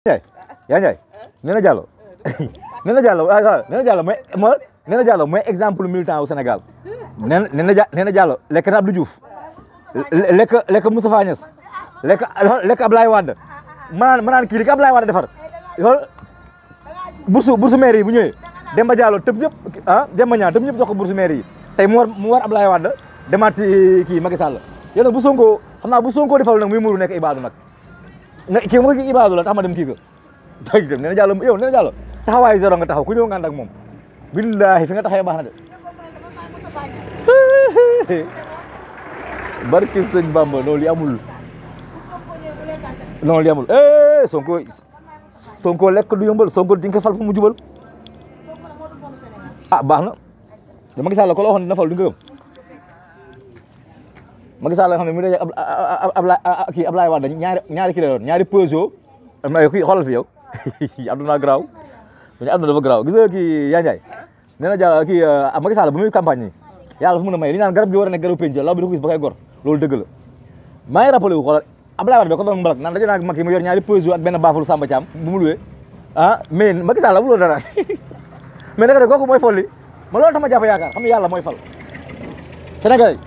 yaa njaay Néné Diallo Néné Diallo Néné Diallo mooy mooy Néné Diallo mooy exemple militant wu Sénégal Néné Néné Diallo lekk na Abdou Diouf lekk lekk Moustapha Niass lekk lekk Ablaye Wade mënaan mënaan kii li ko Ablaye Wade defar bursu bursu maire yi bu ñëwee Demba Diallo tëb ñëpp ah Demba Niang tëb ñëpp jox ko bursu maire yi tey war mu war Ablaye demaat kii Macky Sall yow nag bu Sonko xam naa bu Sonko defal nag muy muru nekk Ibadou nag kii mooy kii Ibaadu a tax ma dem kii ga dégg nga nee na Diallo yow nee na nga taxaw ku ñëw nga ànd moom billaahi fi nga taxawee baax na de barki sëñ Bamba noonu li amul noonu amul eh Sonko lekk du yombal Sonko di nga fal fu mu jubal ah baax na dama gisaa la ko la waxoon dina fal du nga Macky saala la ne mu ne ab ab kii Ablaye Wade ñaari ñaari kii la doon ñaari Peugeot am na kii xoolal fi yow àdduna garaaw dañu àdduna dafa garaaw gis nga kii yaa Ndiaye nee na jàll kii euh, Macky Sall bu muy campagne yi yàlla dafa may li ñu naan garab war a nekk garabu penc law bi da ko gis ba koy gor loolu la maa ngi rappelé wu xoolal Ablaye Wade ko mbalak naan daje naa ak mu yor ñaari Peugeot ak benn baaful Samba Thiam bu mu luwee ah mais Macky Sall amuloo na mais nag kooku mooy folli ma loolu tax ma jàpp yaakaar xam ne yàlla mooy fal Sénégalais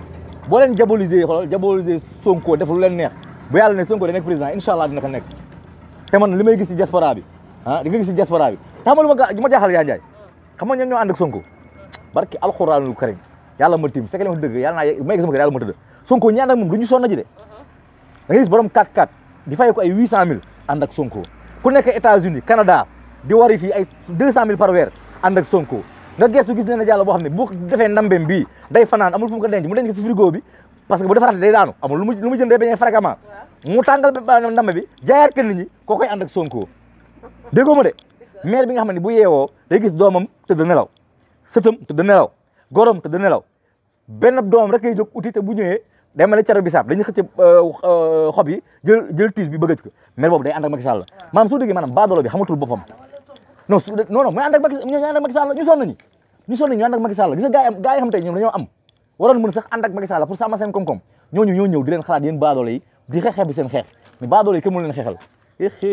boo leen diaboliser xool diaboliser Sonko def lu leen neex bu yàlla ne Sonko da nekk président incha allah dina ko nekk te man li may gis si diaspora bi ah li nga gis si diaspora ma ma jaaxal yaa Njaay xam nga ñoom ñoo ànd ak Sonko barki alxuraanul karim yàlla ma tiim fekkee ma dëgg yàlla naa may gis ma ko yàlla ma tëdd Sonko ñi ànd ak moom du ñu sonn ji de da nga gis borom 4 4 di fay ko ay 800000 ànd ak Sonko ku nekk États-Unis Canada di wari fii ay 200000 par weer ànd ak Sonko na geesu gis ne na jàll boo xam ne bu defee ndambem bii day fanaan amul fu mu ko mu denc ko si frigo bi parce que bu defaraatee day daanu amul lu mu lu mu jëndee bañ a fréquemment mu tàngal ndambe bi jaayaat ko nit ñi koo koy ànd ak Sonko déggoo ma de maire bi nga xam ne bu yeewoo day gis doomam tëdd nelaw sëtam tëdd nelaw gorom tëdd nelaw benn doom rek lay jóg uti te bu ñëwee day mel ne caro bisaab dañuy xëcc ka euh, yi jël jël tiis bi bëggaj ko maire boobu day ànd ak Macky Sall maanaam soo déggee maanaam bi xamatul boppam non su non non mooy ànd ak Macky ñu ànd ak Macky Sall ñu sonn ñi ñu sonn ñi ñu ànd ak Macky Sall gis nga gars yi gars am waroon mën sax ànd ak Macky Sall pour seen koom-koom ñooñu ñoo ñëw di leen xalaat yéen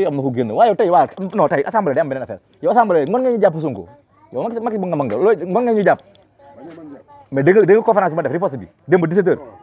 am na ko génn waaye yow tey waa non am beneen affaire yow assemblée mën nga ñu jàpp Sonko yow Macky Macky ma def riposte bi démb 17 heures